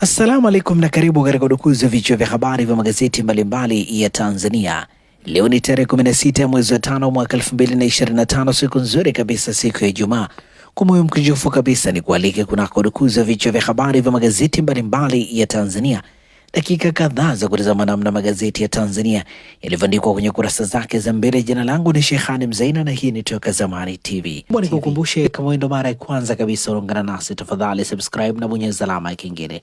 Assalamu alaikum na karibu katika udukuzi wa vichwa vya habari vya magazeti mbalimbali ya Tanzania. Leo ni tarehe 16 ya mwezi wa tano mwaka 2025, siku nzuri kabisa, siku ya Ijumaa. Kwa moyo mkunjufu kabisa ni kualike kunako udukuzi wa vichwa vya habari vya magazeti mbalimbali ya Tanzania, dakika kadhaa za kutazama namna magazeti ya Tanzania yalivyoandikwa kwenye kurasa zake za mbele. Jina langu ni Sheikhani Mzaina na hii ni Toka Zamani TV. Mbona Nikukumbushe, kama wewe ndo mara ya kwanza kabisa unaungana nasi, tafadhali subscribe na bonyeza alama ya kengele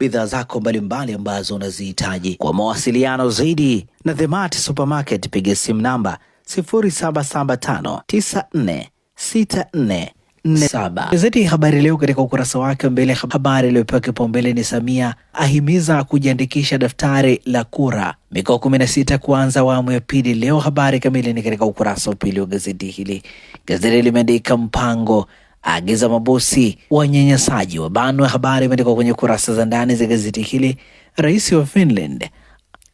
bidhaa zako mbalimbali ambazo unazihitaji. Kwa mawasiliano zaidi na The Mart Supermarket, piga simu namba 0775946447. Gazeti Habari Leo katika ukurasa wake mbele, habari iliyopewa kipaumbele ni Samia ahimiza kujiandikisha daftari la kura, mikoa 16 kuanza awamu ya pili leo. Habari kamili ni katika ukurasa wa pili wa gazeti hili. Gazeti limeandika mpango agiza mabosi wanyanyasaji wabanwe. Habari imeandikwa kwenye kurasa za ndani za gazeti hili. Rais wa Finland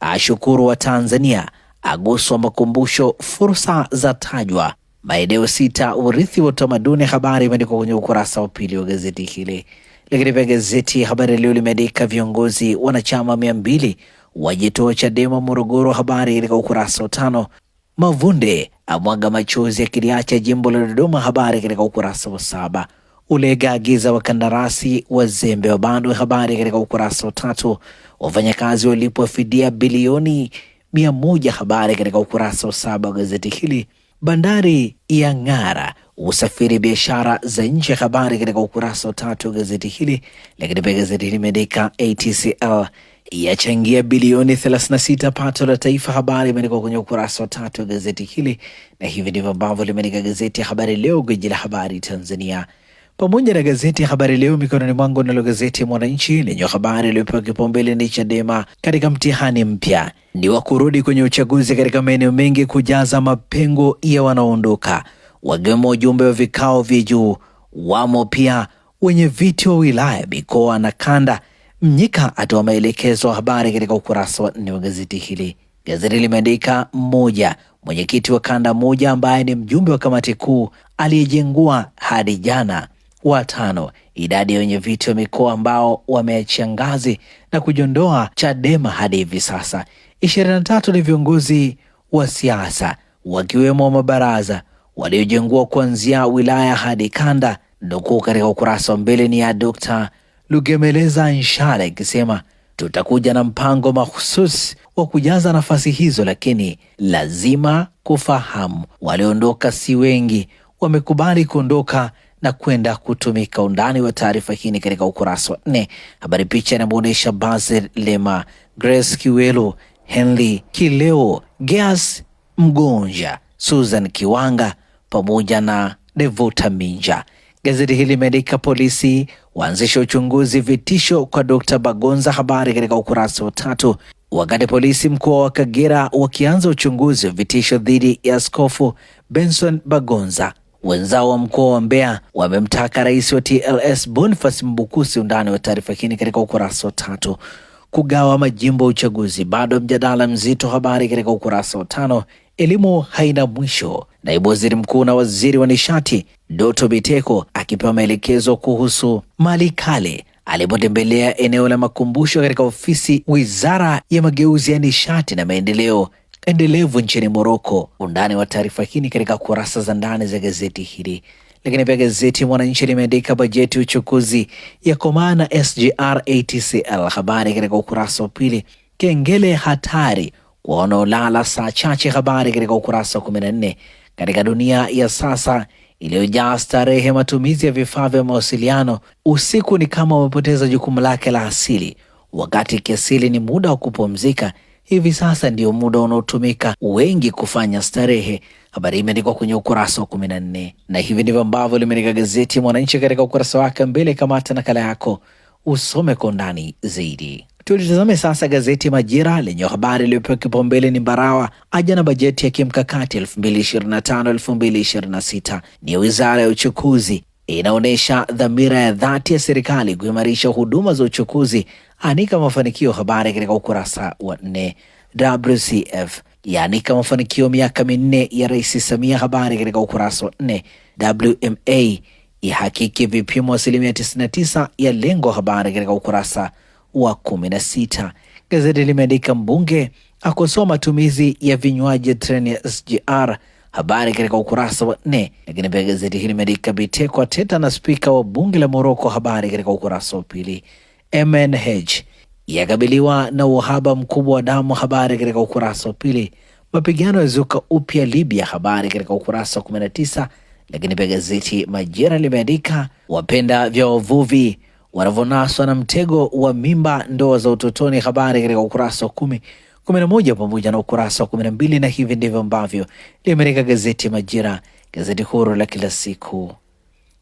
ashukuru wa Tanzania, aguswa makumbusho, fursa za tajwa, maeneo sita urithi wa utamaduni. Habari imeandikwa kwenye ukurasa wa pili wa gazeti hili. Lakini pia gazeti Habari Leo limeandika viongozi wanachama mia mbili wajitoa Chadema Morogoro, habari katika ukurasa wa tano. Mavunde amwaga machozi akiliacha jimbo la Dodoma. Habari katika ukurasa wa saba. Ulega agiza wakandarasi wazembe wa bandu. Habari katika ukurasa wa tatu. Wafanyakazi walipwa fidia bilioni mia moja. Habari katika ukurasa wa saba wa gazeti hili. Bandari ya ng'ara usafiri biashara za nje. Habari katika ukurasa wa tatu wa gazeti hili. Lakini pia gazeti hili imeandika ATCL yachangia bilioni 36 pato la taifa. Habari imeandikwa kwenye ukurasa wa tatu wa gazeti hili, na hivi ndivyo ambavyo limeandika gazeti ya Habari Leo, gwiji la habari Tanzania, pamoja na gazeti ya Habari Leo mikononi mwangu. Nalo gazeti ya Mwananchi lenye habari iliyopewa kipaumbele ni Chadema katika mtihani mpya, ni wa kurudi kwenye uchaguzi katika maeneo mengi kujaza mapengo ya wanaoondoka, wakiwemo ujumbe wa vikao vya juu. Wamo pia wenye viti wa wilaya, mikoa na kanda Mnyika atoa maelekezo. Habari katika ukurasa wa nne wa gazeti hili. Gazeti limeandika mmoja, mwenyekiti wa kanda moja ambaye ni mjumbe wa kamati kuu aliyejengua hadi jana watano. Idadi ya wenye viti wa mikoa ambao wameachia ngazi na kujiondoa Chadema hadi hivi sasa ishirini na tatu ni viongozi wa siasa wakiwemo wa mabaraza waliojengua kuanzia wilaya hadi kanda. Nukuu katika ukurasa wa mbele ni ya Dr Lugemeleza Nshala ikisema tutakuja na mpango mahususi wa kujaza nafasi hizo, lakini lazima kufahamu walioondoka si wengi, wamekubali kuondoka na kwenda kutumika. Undani wa taarifa hii ni katika ukurasa wa nne. Habari picha inamwonyesha Basel Lema, Grace Kiwelo, Henry Kileo, Geas Mgonja, Susan Kiwanga pamoja na Devota Minja. Gazeti hili limeandika polisi waanzisha uchunguzi vitisho kwa Dkt. Bagonza, habari katika ukurasa wa tatu. Wakati polisi mkoa wa Kagera wakianza uchunguzi wa vitisho dhidi ya Askofu Benson Bagonza, wenzao wa mkoa wa Mbeya wamemtaka rais wa TLS Boniface Mbukusi. Undani wa taarifa hii katika ukurasa wa tatu. Kugawa majimbo ya uchaguzi bado mjadala mzito, habari katika ukurasa wa tano elimu haina mwisho. Naibu waziri mkuu na waziri wa nishati Doto Biteko akipewa maelekezo kuhusu mali kale alipotembelea eneo la makumbusho katika ofisi wizara ya mageuzi ya nishati na maendeleo endelevu nchini Moroko. Undani wa taarifa hii ni katika kurasa za ndani za gazeti hili. Lakini pia gazeti Mwananchi limeandika bajeti uchukuzi ya komaa na SGR ATCL, habari katika ukurasa wa pili, kengele hatari wanaolala saa chache. Habari katika ukurasa wa kumi Katika dunia ya sasa iliyojaa starehe, matumizi ya vifaa vya mawasiliano, usiku ni kama umepoteza jukumu lake la asili. Wakati kiasili ni muda wa kupumzika, hivi sasa ndio muda unaotumika wengi kufanya starehe. Habari imeandikwa kwenye ukurasa wa kumi na nne, na hivi ndivyo ambavyo limeandika gazeti Mwananchi katika ukurasa wake mbele. Kamata nakala yako usome kwa undani zaidi. Tulitazame sasa gazeti Majira lenye habari iliyopewa kipaumbele ni Mbarawa aja na bajeti ya kimkakati 2025 2026. Ni wizara ya uchukuzi inaonyesha dhamira ya dhati ya serikali kuimarisha huduma za uchukuzi, anika mafanikio. Habari katika ukurasa wa nne. WCF yaanika mafanikio miaka minne ya Rais Samia, habari katika ukurasa wa nne. WMA ihakiki vipimo asilimia 99 ya lengo, habari katika ukurasa wa kumi na sita. Gazeti limeandika mbunge akosoa matumizi ya vinywaji treni ya SGR, habari katika ukurasa wa nne. Lakini pia gazeti hili limeandika Biteko ateta na spika wa bunge la Moroko, habari katika ukurasa wa pili. MNH yakabiliwa na uhaba mkubwa wa damu, habari katika ukurasa wa pili. Mapigano yazuka upya Libya, habari katika ukurasa wa tisa. Lakini pia gazeti Majira limeandika wapenda vya wavuvi wanavyonaswa na mtego wa mimba, ndoa za utotoni. Habari katika ukurasa wa kumi, kumi na moja pamoja na ukurasa wa kumi na mbili. Na hivi ndivyo ambavyo limeandika gazeti Majira, gazeti huru la kila siku.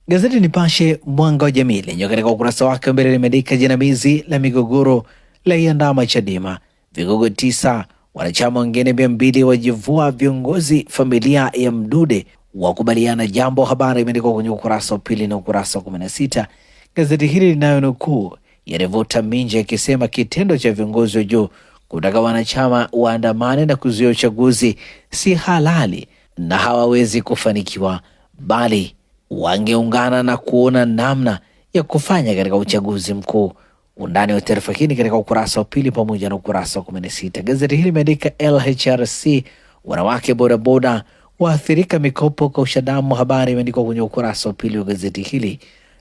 Gazeti Nipashe mwanga wa jamii lenyewe katika ukurasa wake mbele limeandika jinamizi la migogoro la iandama Chadema, vigogo tisa, wanachama wengine mia mbili wajivua viongozi, familia ya Mdude wakubaliana jambo. Habari imeandikwa kwenye ukurasa wa pili na ukurasa wa kumi na sita. Gazeti hili linayonukuu yanavuta Minji akisema kitendo cha viongozi wa juu kutaka wanachama waandamane na kuzuia uchaguzi si halali na hawawezi kufanikiwa, bali wangeungana na kuona namna ya kufanya katika uchaguzi mkuu. Undani wa taarifa hii ni katika ukurasa wa pili pamoja na ukurasa wa 16. Gazeti hili limeandika LHRC wanawake bodaboda waathirika mikopo kwa ushadamu. Habari imeandikwa kwenye ukurasa wa pili wa gazeti hili.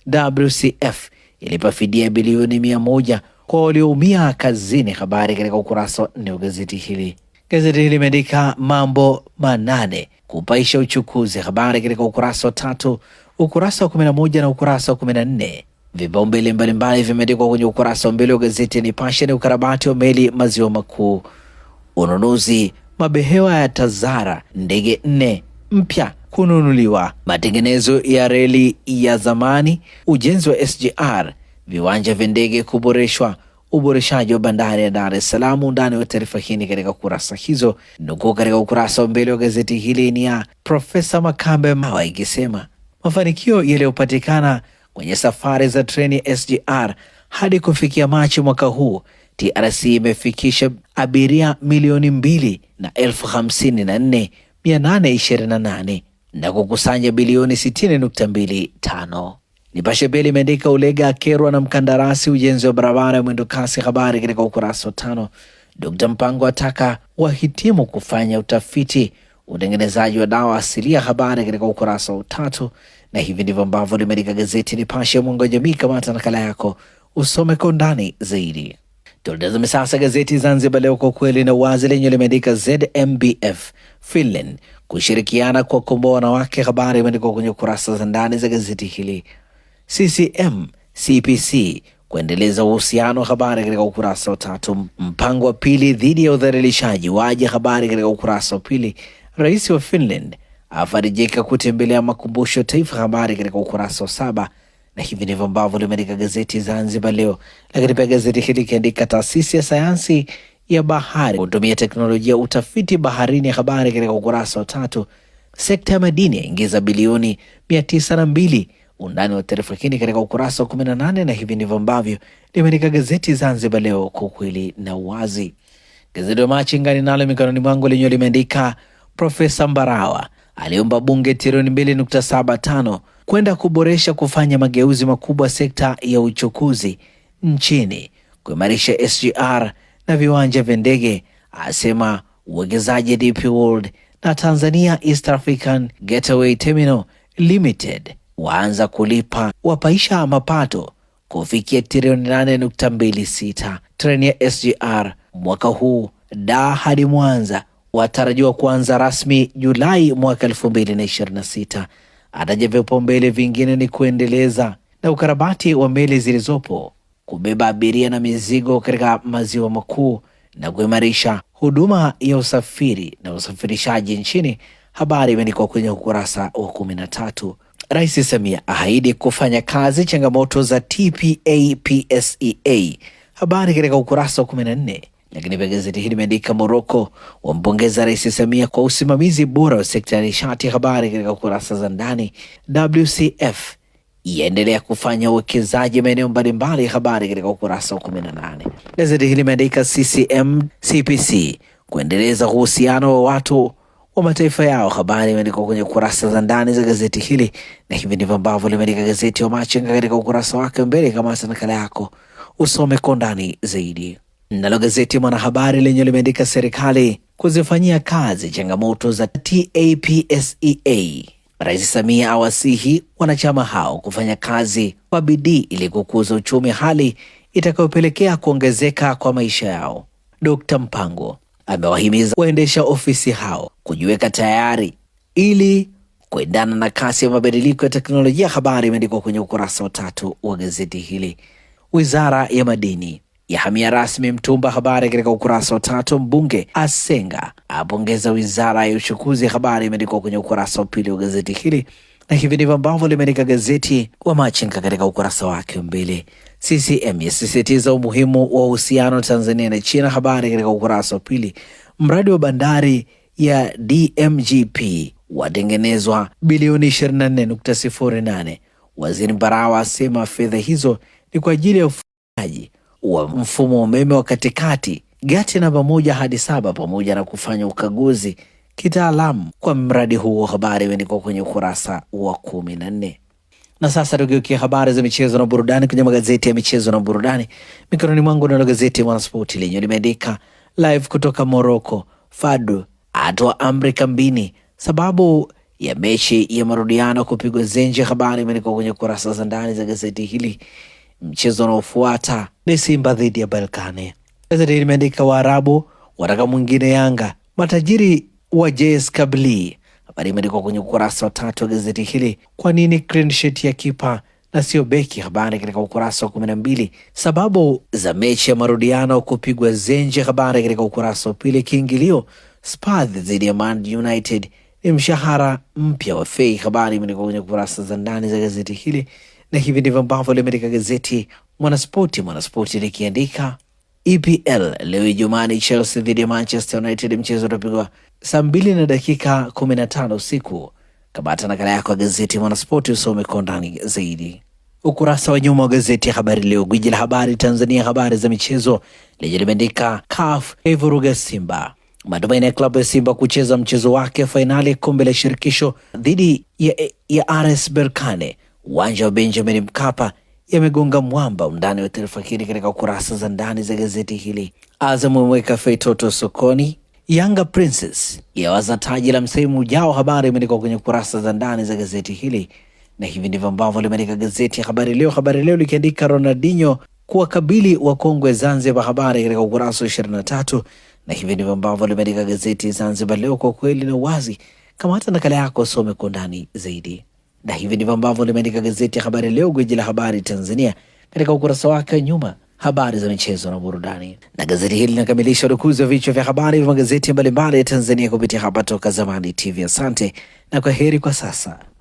WCF ilipa fidia bilioni mia moja kwa walioumia kazini. Habari katika ukurasa wa nne wa gazeti hili. Gazeti hili limeandika mambo manane kupaisha uchukuzi. Habari katika ukurasa wa tatu, ukurasa wa kumi na moja na ukurasa wa kumi na nne. Vipaumbele mbalimbali vimeandikwa kwenye ukurasa wa mbele wa gazeti ya Nipashe ni ukarabati wa meli maziwa makuu, ununuzi mabehewa ya Tazara, ndege nne mpya kununuliwa, matengenezo ya reli ya zamani, ujenzi wa SGR, viwanja vya ndege kuboreshwa, uboreshaji wa bandari ya Dar es Salaam. Undani wa taarifa hii ni katika kurasa hizo. Nukuu katika ukurasa wa mbele wa gazeti hili ni ya Profesa Makambe Mawa ikisema mafanikio yaliyopatikana kwenye safari za treni ya SGR hadi kufikia Machi mwaka huu TRC imefikisha abiria milioni mbili na elfu hamsini na nne mia nane ishirini na nane na kukusanya bilioni 60.25. Nipashe pia limeandika Ulega akerwa na mkandarasi ujenzi wa barabara ya mwendokasi, habari katika ukurasa wa tano. Dkt Mpango ataka wahitimu kufanya utafiti utengenezaji wa dawa asilia, habari katika ukurasa wa tatu. Na hivi ndivyo ambavyo limeandika gazeti Nipashe mwanga wa jamii. Kamata nakala yako usome kwa undani zaidi. Tulitazame sasa gazeti Zanzibar Leo, kwa kweli na uwazi, lenye limeandika ZMBF Finland kushirikiana kuwakomboa wanawake. Habari imeandikwa kwenye kurasa za ndani za gazeti hili. CCM CPC kuendeleza uhusiano wa habari katika ukurasa wa tatu. Mpango wa pili dhidi ya udhalilishaji waje, habari katika ukurasa wa pili. Rais wa Finland afarijika kutembelea makumbusho ya taifa, habari katika ukurasa wa saba. Na hivi ndivyo ambavyo limeandika gazeti Zanzibar Leo, lakini pia gazeti hili ikiandika taasisi ya sayansi ya bahari kutumia teknolojia utafiti baharini. Ya habari katika ukurasa wa tatu. Sekta ya madini yaingiza bilioni mia tisa na mbili. Undani wa taarifa hii katika ukurasa wa kumi na nane na hivi ndivyo ambavyo limeandika gazeti Zanzibar Leo kwa ukweli na uwazi. Gazeti la Machinga ninalo mikononi mwangu lenyewe limeandika Profesa Mbarawa aliomba bunge trilioni tano kwenda kuboresha kufanya mageuzi makubwa sekta ya uchukuzi nchini, kuimarisha SGR na viwanja vya ndege, asema uwekezaji DP World na Tanzania East African Gateway Terminal Limited waanza kulipa wapaisha mapato kufikia trilioni 8.26. Treni ya SGR mwaka huu da hadi Mwanza watarajiwa kuanza rasmi Julai mwaka 2026. Ataja vipaumbele vingine ni kuendeleza na ukarabati wa meli zilizopo kubeba abiria na mizigo katika maziwa makuu na kuimarisha huduma ya usafiri na usafirishaji nchini. Habari imeandikwa kwenye ukurasa wa kumi na tatu. Rais Samia ahaidi kufanya kazi changamoto za TPAPSEA, e habari katika ukurasa wa kumi na nne. Lakini pia gazeti hili limeandika Moroko wampongeza Rais Samia kwa usimamizi bora wa sekta ya nishati, habari katika kurasa za ndani. WCF yaendelea kufanya uwekezaji maeneo mbalimbali ya habari katika ukurasa wa kumi na nane Gazeti hili limeandika CCM CPC kuendeleza uhusiano wa watu wa mataifa yao. Habari imeandikwa kwenye kurasa za ndani za gazeti hili, na hivi ndivyo ambavyo limeandika gazeti wa Machinga katika ukurasa wake mbele. Kama hasa nakala yako usome kwa ndani zaidi. Nalo gazeti Mwanahabari lenye limeandika serikali kuzifanyia kazi changamoto za TAPSEA Rais Samia awasihi wanachama hao kufanya kazi kwa bidii ili kukuza uchumi, hali itakayopelekea kuongezeka kwa maisha yao. Dkt. Mpango amewahimiza waendesha ofisi hao kujiweka tayari ili kuendana na kasi ya mabadiliko ya teknolojia. Habari imeandikwa kwenye ukurasa wa tatu wa gazeti hili. Wizara ya Madini yahamia rasmi Mtumba. Habari katika ukurasa wa tatu. Mbunge Asenga apongeza wizara ya uchukuzi. Habari imeandikwa kwenye ukurasa wa pili wa gazeti hili, na hivi ndivyo ambavyo limeandika gazeti wa Machinga katika ukurasa wake mbili. CCM yasisitiza umuhimu wa uhusiano Tanzania na China. Habari katika ukurasa wa pili. Mradi wa bandari ya DMGP watengenezwa bilioni 24.08. Waziri Mbarawa asema fedha hizo ni kwa ajili ya ufugaji wa mfumo wa umeme wa katikati gati namba moja hadi saba pamoja na kufanya ukaguzi kitaalamu kwa mradi huu wa habari imeandikwa kwenye ukurasa wa kumi na nne. Na sasa tugeukia habari za michezo na burudani kwenye magazeti ya michezo na burudani. Mikononi mwangu nalo gazeti ya Mwanaspoti lenye limeandika live kutoka Moroko, Fadu atoa amri kambini sababu ya mechi ya marudiano kupigwa zenje. Habari imeandikwa kwenye kurasa za ndani za gazeti hili. Mchezo unaofuata ni Simba dhidi ya Balkane. Gazeti limeandika Waarabu wataka mwingine Yanga, matajiri wa JS Kabli. Habari imeandikwa kwenye ukurasa wa tatu wa gazeti hili. Kwa nini clean sheet ya kipa na sio beki? Habari katika ukurasa wa kumi na mbili. Sababu za mechi ya marudiano kupigwa Zenje. Habari katika ukurasa wa pili. Kiingilio Spurs dhidi ya Man United ni mshahara mpya wa Fei. Habari imeandikwa kwenye kurasa za ndani za gazeti hili na hivi ndivyo ambavyo limeandika gazeti Mwanaspoti. Mwanaspoti likiandika EPL leo Ijumaa ni Chelsea dhidi ya Manchester United, mchezo utapigwa saa mbili na dakika kumi na tano usiku. Kamata nakala yako ya gazeti Mwanaspoti usome kwa undani zaidi ukurasa wa nyuma wa gazeti ya Habari Leo, gwiji la habari Tanzania, habari za michezo, lenye limeandika CAF yaivuruga Simba, matumaini ya klabu ya Simba kucheza mchezo wake fainali kombe la shirikisho dhidi ya, ya RS Berkane uwanja wa Benjamin Mkapa yamegonga mwamba. Undani wa taarifa hii katika kurasa za ndani za gazeti hili. Azam ameweka Feitoto sokoni. Yanga Princess yawaza taji la msimu ujao. Habari imeandikwa kwenye kurasa za ndani za gazeti hili, na hivi ndivyo ambavyo limeandika gazeti ya Habari Leo. Habari Leo likiandika Ronaldinho kuwa kuwakabili wakongwe Zanzibar, habari katika ukurasa wa ishirini na tatu na hivi ndivyo ambavyo limeandika gazeti Zanzibar Leo, kwa kweli na uwazi. Kama hata nakala yako, some kwa ndani zaidi na hivi ndivyo ambavyo limeandika gazeti ya Habari Leo, gwiji la habari Tanzania, katika ukurasa wake nyuma habari za michezo na burudani. Na gazeti hili linakamilisha udukuzi wa vichwa vya habari vya magazeti mbalimbali ya Tanzania kupitia hapa Toka Zamani TV. Asante na kwa heri kwa sasa.